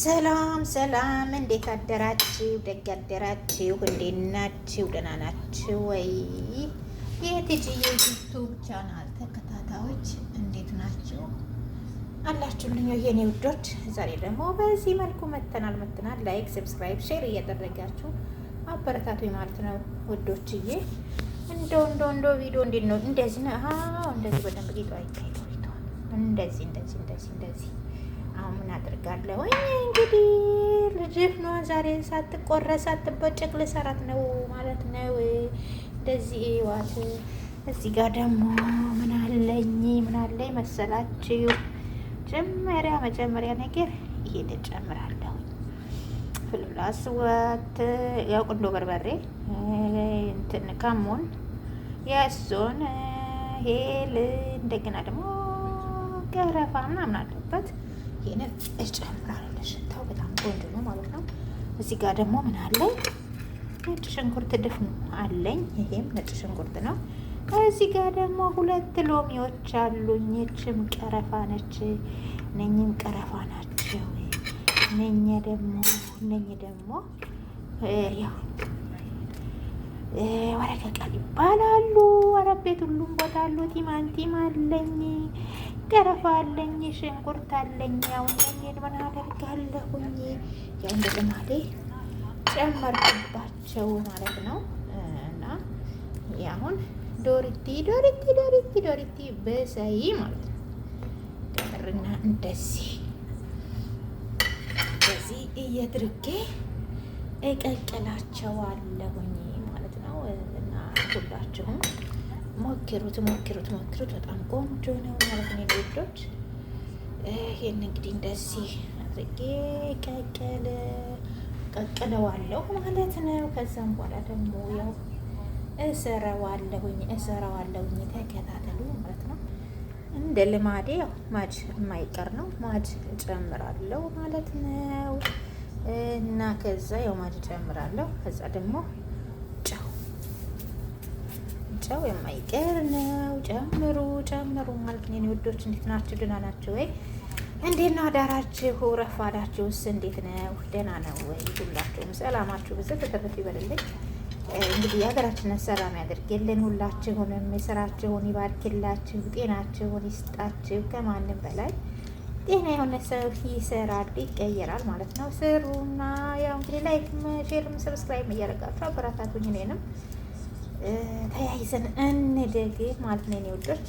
ሰላም ሰላም፣ እንዴት አደራችሁ? ደግ አደራችሁ? እንዴት ናችሁ? ደህና ናችሁ ወይ? የቲጂዬ ዩቱብ ቻናል ተከታታዮች እንዴት ናችሁ? አላችሁልኝ የኔ ውዶች? ዛሬ ደግሞ በዚህ መልኩ መተናል መተናል። ላይክ፣ ሰብስክራይብ፣ ሼር እያደረጋችሁ አበረታቱ ማለት ነው ውዶችዬ። እንዶ እንዶ እንዶ ቪዲዮ እንዴት ነው? እንደዚህ ነው። አዎ እንደዚህ በደንብ ጌጡ አይታይቷል። እንደዚህ እንደዚህ እንደዚህ እንደዚህ አሁን ምን አድርጋለሁ እንግዲህ ልጅህ ነው ዛሬ ሳትቆረጥ ሳትበጨቅ ልሰራት ነው ማለት ነው። እንደዚህ ዋት እዚህ ጋር ደግሞ ምን አለኝ ምን አለኝ መሰላችሁ? መጀመሪያ መጀመሪያ ነገር ይሄን እጨምራለሁ። ፍልፍላስ ወት ያው ቁንዶ በርበሬ እንትን ካሞን የእሱን ሄል እንደገና ደግሞ ገረፋ ምናምን አለበት ይህንን እጨምራለሁ። ሽታው በጣም ቆንጆ ነው ማለት ነው። እዚህ ጋር ደግሞ ምን አለኝ? ነጭ ሽንኩርት ድፍኑ አለኝ። ይሄም ነጭ ሽንኩርት ነው። እዚህ ጋር ደግሞ ሁለት ሎሚዎች አሉኝ። ይችም ቀረፋ ነች፣ እነኝም ቀረፋ ናቸው። እነኝ ደግሞ እነኝ ደግሞ ያው ወረቀ ቃል ይባላሉ። አረቤት ሁሉም ቦታ አሉ። ቲማንቲም አለኝ ቀረፋ አለኝ፣ ሽንኩርት አለኝ። ያው እኔን ምን አደርጋለሁኝ? ያው እንደ ልማዴ ጨመርኩባቸው ማለት ነው። እና አሁን ዶሪቲ ዶሪቲ ዶሪቲ ዶሪቲ በሰይ ማለት ነው። ቀርና እንደዚህ እንደዚህ እያድርጌ እቀቅላቸዋለሁኝ ማለት ነው እና ሁላችሁም ሞክሩት ሞክሩት ሞክሩት። በጣም ቆንጆ ነው ማለት ነው ልጆች። ይሄን እንግዲህ እንደዚህ አድርጌ ቀቀለ ቀቅለዋለሁ ማለት ነው። ከዛም በኋላ ደግሞ ያው እሰራዋለሁኝ እሰራዋለሁኝ ተከታተሉ ማለት ነው። እንደ ልማዴ ያው ማጅ የማይቀር ነው ማጅ እጨምራለሁ ማለት ነው። እና ከዛ ያው ማጅ እጨምራለሁ ከዛ ደግሞ ጨው የማይቀር ነው። ጨምሩ ጨምሩ ማለት ነው። ውዶች እንዴት ናችሁ? ደህና ናችሁ ወይ? እንዴት ነው አዳራችሁ? ረፋዳችሁስ እንዴት ነው? ደህና ነው ወይ? ሁላችሁም ሰላማችሁ ብዙ ተተበት ይበልልኝ። እንግዲህ የሀገራችንን ሰላም ያድርግልን። ሁላችሁንም የስራችሁን ይባርክላችሁ፣ ጤናችሁን ይስጣችሁ። ከማንም በላይ ጤና የሆነ ሰው ይሰራል ይቀየራል ማለት ነው። ስሩና ያው እንግዲህ ላይክ፣ ሼርም ሰብስክራይብ እያደረጋችሁ አበረታቱኝ እኔንም ተያይዘን እንደግ ማለት ነው። የወዶች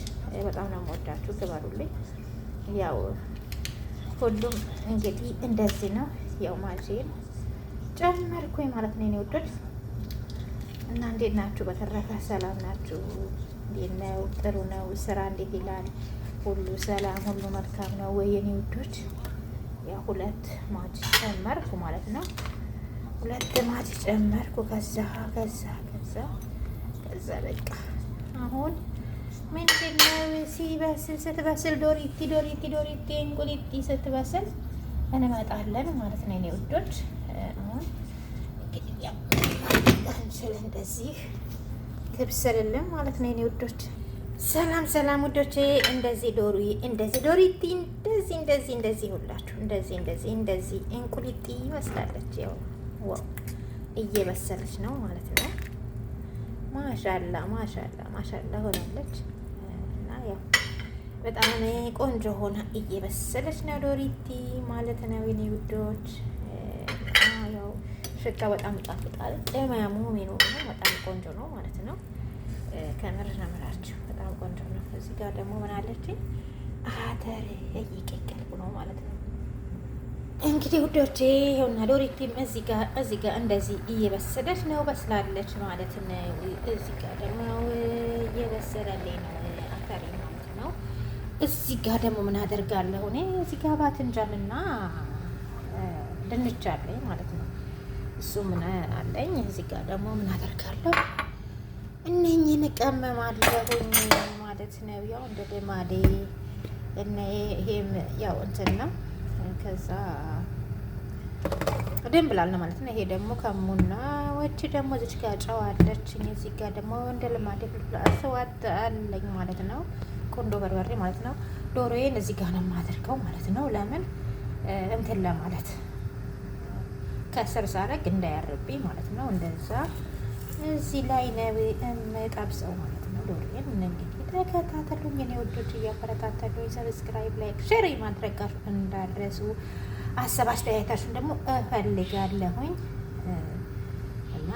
በጣም ነው የምወዳችሁ፣ ግበሩልኝ። ያው ሁሉም እንግዲህ እንደዚህ ነው። ያው ማሽን ጨመርኩኝ ማለት ነው። የወዶች እና እንዴት ናችሁ? በተረፈ ሰላም ናችሁ? እንዴት ነው? ጥሩ ነው። ስራ እንዴት ይላል? ሁሉ ሰላም፣ ሁሉ መልካም ነው ወይ የኔ ውዶች? ያው ሁለት ማጅ ጨመርኩ ማለት ነው። ሁለት ማጅ ጨመርኩ ከዛ ከዛ ከዛ እዛ በቃ አሁን ምንድን ነው ሲበስል ስትበስል ዶሪቲ ዶሪቲ ዶሪቲ እንቁሊቲ ስትበስል እንመጣለን ማለት ነው። እኔ ውዶች አሁን እንግዲህ እንደዚህ ትብስልልን ማለት ነው። እኔ ውዶች ሰላም ሰላም ውዶቼ፣ እንደዚህ ዶሪ እንደዚህ ዶሪቲ እንደዚህ እንደዚህ እንደዚህ ሁላችሁ እንደዚህ እንደዚህ እንደዚህ እንቁሊቲ ይመስላለች። ያው ዋው እየበሰለች ነው ማለት ነው። ማሻላ ማሻላ ማሻላ ሆናለች እና ያው በጣም ቆንጆ ሆና እየበሰለች ነው ዶሪቲ ማለት ነው የኔ ውዶች። ያው ሽታ በጣም ጣፍጣል። ቅመሙ ምኑ በጣም ቆንጆ ነው ማለት ነው። ከምር ነው የምላችሁ በጣም ቆንጆ ነው። እዚህ ጋር ደግሞ ምን አለችኝ? አተር እየቀቀልኩ ነው ማለት ነው። እንግዲህ ውዶቼ ይኸውና ዶሪቲም እዚህ ጋር እዚህ ጋር እንደዚህ እየበሰለች ነው፣ በስላለች ማለት ነው። እዚህ ጋር ደግሞ እየበሰለልኝ ነው፣ አተሪ ማለት ነው። እዚህ ጋር ደግሞ ምን አደርጋለሁ እኔ እዚህ ጋር ባትንጃምና ድንች አለኝ ማለት ነው። እሱ ምን አለኝ እዚህ ጋር ደግሞ ምን አደርጋለሁ እነኝህን እቀመማለሁኝ ማለት ነው። ያው እንደ ደማዴ እና ይሄም ያው እንትን ነው ከዛ ደም ብላል ነው ማለት ነው። ይሄ ደግሞ ከሙና ወቺ ደግሞ እዚች ጋር ጨው አለች። እዚህ ጋር ደግሞ እንደ ልማዴ ፍልፍል አለኝ ማለት ነው። ቆንዶ በርበሬ ማለት ነው። ዶሮዬን እዚህ ጋር ነው የማደርገው ማለት ነው። ለምን እንትን ለማለት ከስር ሳረግ እንዳያርብኝ ማለት ነው። እንደዛ እዚህ ላይ ነው የምጠብሰው ማለት ነው ዶሮዬን እንግዲህ ተከታተሉኝ። እኔ ወዶች እያበረታተሉኝ ሰብስክራይብ፣ ላይክ፣ ሼር ማድረግ እንዳረሱ አሰብ አስተያየታችሁን ደግሞ እፈልጋለሁኝ እና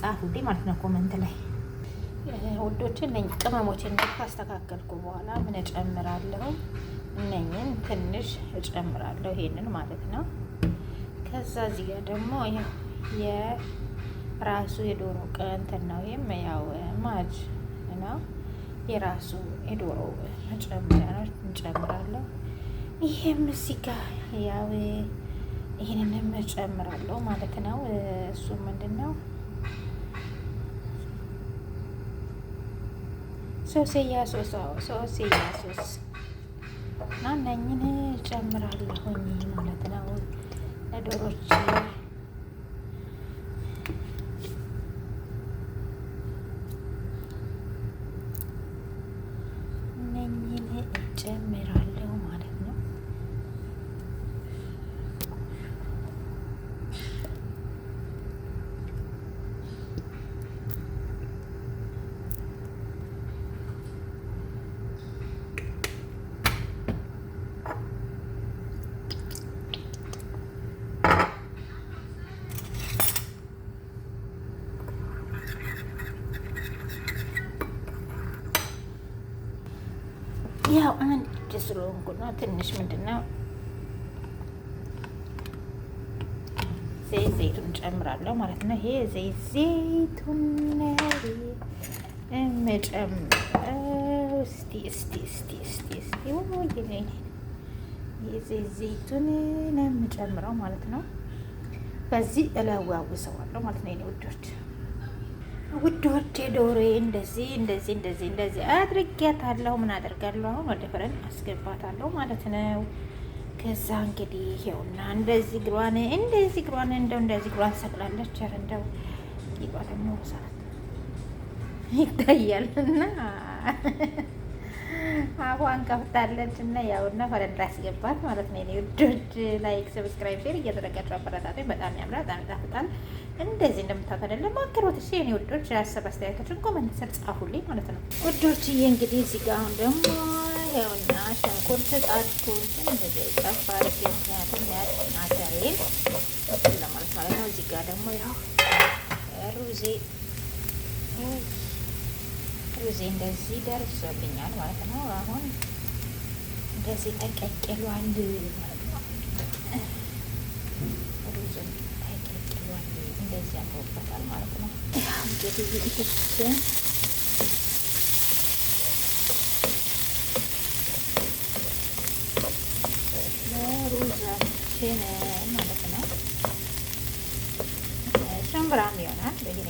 ጻፉልኝ ማለት ነው ኮመንት ላይ ወዶች። እነኝ ቅመሞች ካስተካከልኩ በኋላ ምን እጨምራለሁ? እነኝን ትንሽ እጨምራለሁ፣ ይሄንን ማለት ነው። ከዛ እዚህ ጋር ደግሞ የራሱ የዶሮ ቀንት ነው። ይሄም ያው ማጅ እና የራሱ የዶሮ መጨመር እንጨምራለሁ። ይሄም እዚህ ጋ ያው ይህንን መጨምራለሁ ማለት ነው። እሱ ምንድን ነው ሶስያ ሶስ ሶስያ ሶስ እና እነኝን እጨምራለሁኝ ማለት ነው ለዶሮች እንቁና ትንሽ ምንድነው ዘይት ዘይቱን ጨምራለሁ ማለት ነው። ይሄ ዘይት ዘይቱን እመጨምረው እስቲ እስቲ እስቲ እስቲ እስቲ ወይ የዘይት ዘይቱን እምጨምረው ማለት ነው። በዚህ እለዋውሰዋለሁ ማለት ነው የኔ ውዶች። ውድ ውድ ዶሬ እንደዚህ እንደዚህ እንደዚህ እንደዚህ አድርጌያታለሁ። ምን አደርጋለሁ አሁን ወደ ፍረን አስገባታለሁ ማለት ነው። ከዛ እንግዲህ ይኸውና እንደዚህ ግሯን እንደዚህ ግሯን እንደው እንደዚህ ግሯን ሰቅላለች። ኧረ እንደው ይባለ ነው ይታያልና አፏን ከፍታለች እና ያው እና ፈረንዳ ያስገባት ማለት ነው። እኔ ላይክ፣ ሰብስክራይብ፣ ሼር እያደረጋችሁ አበረታቶኝ። በጣም ያምራል፣ በጣም ይጣፍጣል። እንደዚህ እንደምታውቁት አይደለም ሞክሩት። እሺ እኔ ውዶች ሀሳብ አስተያየታችሁን ኮመንት ስር ጻፉልኝ ማለት ነው ውዶች። ይሄ እንግዲህ እዚህ ጋር አሁን ደግሞ ይኸውና ሽንኩርት ጣድኩት እንደዚህ ጠፋ አድርጌ ምክንያቱም ያችን ለማለት ማለት ነው። እዚህ ጋር ደግሞ ያው ሩዜ ሩዜ እንደዚህ ደርሶልኛል ማለት ነው። አሁን እንደዚህ ተቀቅሏል ማለት ነው። ተቀቅሏል እንደዚህ አምሮበታል ማለት ነው። እንግዲህ ይህችን ሩዛችን ማለት ነው ይሆናል በዚህ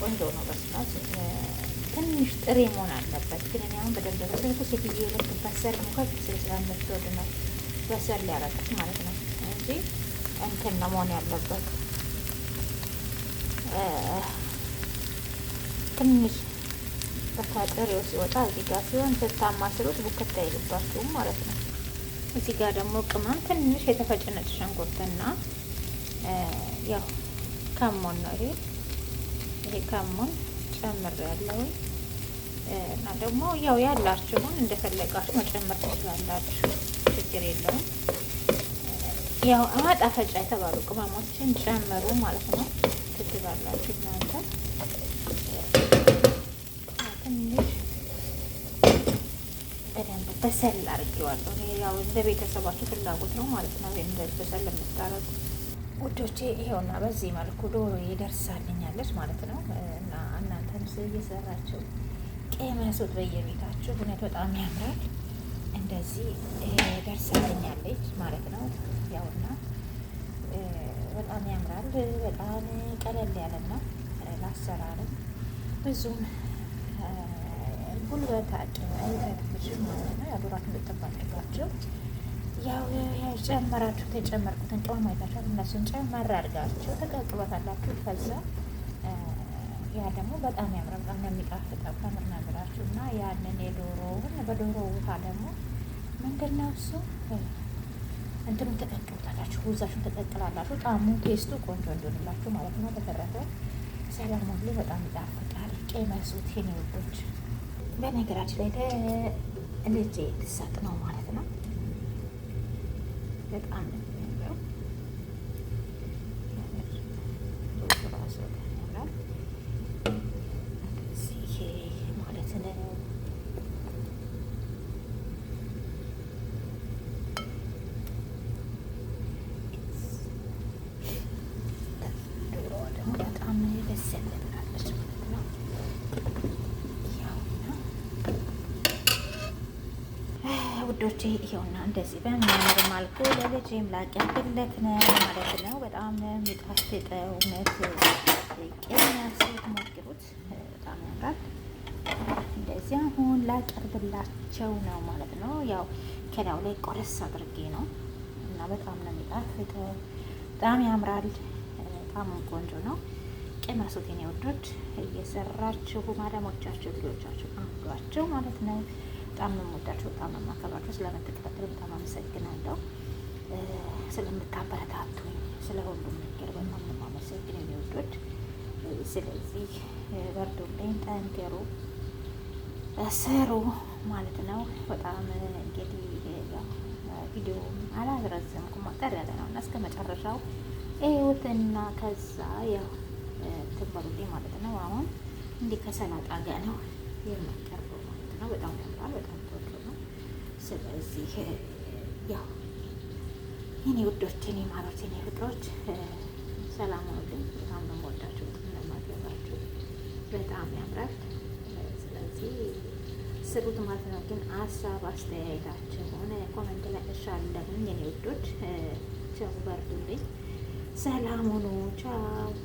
ቆንጆ ነው። በስፋት ትንሽ ጥሬ መሆን አለበት፣ ግን እኔ አሁን በደንብ በስልኩ ሴትዬ ልክ በሰል ሙከት ስለምትወድ ነው በሰል ሊያረጋት ማለት ነው እንጂ እንትን ነው መሆን ያለበት ትንሽ በቃ ጥሬው ሲወጣ እዚህ ጋር ሲሆን ስታማስሉት ቡክታ አይልባችሁም ማለት ነው። እዚህ ጋር ደግሞ ቅመም ትንሽ የተፈጨ ሽንኩርትና ያው ከሞን ነው ይሄ ይሄ ካሞን ጨምር ያለው እና ደግሞ ያው ያላችሁን እንደፈለጋችሁ መጨመር ትችላላችሁ፣ ችግር የለውም። ያው ማጣፈጫ የተባሉ ቅመሞችን ጨምሩ ማለት ነው ትችላላችሁ እናንተ ትንሽ በደንብ በሰል አድርጌዋለሁ። ያው እንደ ቤተሰባችሁ ፍላጎት ነው ማለት ነው። እንደዚህ በሰል የምታረጉት ውዶቼ ይሄውና በዚህ መልኩ ዶሮ ይደርሳልኛለች ማለት ነው። እና እናንተም ስ እየሰራችሁ ቅመሱት በየቤታችሁ። እውነት በጣም ያምራል። እንደዚህ ደርሳልኛለች ማለት ነው። ያውና በጣም ያምራል። በጣም ቀለል ያለና ላሰራርም ብዙም ጉልበት አጭ አይጠቅምሽም ማለት ነው። ያዶራት እንደጠባለባቸው ያው ጨመራችሁት የጨመርኩትን ቅመም አይታችኋል። እነሱን ጨመር አድርጋችሁ ተቀቅሎታላችሁ። ከዛ ያ ደግሞ በጣም ያምራል፣ በጣም የሚጣፍጠው ከምር ነገራችሁ እና ያንን የዶሮውን በዶሮ ውሃ ደግሞ ምንድን ነው እሱ እንትኑን ተቀቅሉታላችሁ፣ ውዛችሁን ተቀቅላላችሁ። ጣሙ ቴስቱ ቆንጆ እንዲሆንላችሁ ማለት ነው። በተረፈ ሰላም ሁሉ በጣም ይጣፍጣል። ቅመሱት የኔ ውዶች። በነገራችን ላይ ልጄ ልትሰጥ ነው ማለት ነው በጣም ነው የሚያምረው። በጣም ነው የበሰለ ማለት ነው። ውዶቼ ይኸውና እንደዚህ በሚያምር መልኩ ለልጄም ላቀርብለት ነው ማለት ነው። በጣም የሚጣፍጠው እውነት ቅሚያሴት ሞክሩት፣ በጣም ያምራል። እንደዚህ አሁን ላቀርብላቸው ነው ማለት ነው። ያው ከላዩ ላይ ቆረስ አድርጌ ነው እና በጣም ነው የሚጣፍጠው፣ በጣም ያምራል፣ በጣም ቆንጆ ነው። ቅመሱት የኔ ውዶች፣ እየሰራችሁ ማዳሞቻችሁ ልጆቻችሁ አምዷቸው ማለት ነው። በጣም ነው የምወዳቸው፣ በጣም ነው የማከብራቸው። ስለምትከታተሉ በጣም አመሰግናለሁ። ስለምታበረታቱኝ ስለ ሁሉም ነገር በጣም ነው የማመሰግነው ስለዚህ በርዶልኝ፣ ጠንከሩ፣ ስሩ ማለት ነው። በጣም እንግዲህ ቪዲዮ አላዝረዘምኩም፣ አጠር ያለ ነው እና እስከ መጨረሻው ይሁትና ከዛ ያው ትበሉልኝ ማለት ነው። አሁን እንዲህ ከሰላጣ ጋር ነው የመቀረ ነው። በጣም ያምራል። በጣም ጥሩ ነው። ስለዚህ ያው የኔ ውዶች፣ የኔ ማሮች፣ የኔ ፍቅሮች ሰላም ሁሉም በጣም ነው የምወዳችሁ፣ በጣም በጣም ያምራል። ስለዚህ ስሩት ማለት ነው። ግን ሀሳብ ሆነ ኮመንት ላይ እሻል እሻለሁኝ የኔ ውዶች። ቻው፣ በርዱልኝ፣ ሰላም ሁኑ። ቸው፣ በርዱልኝ ሰላም ሁኑ ቻው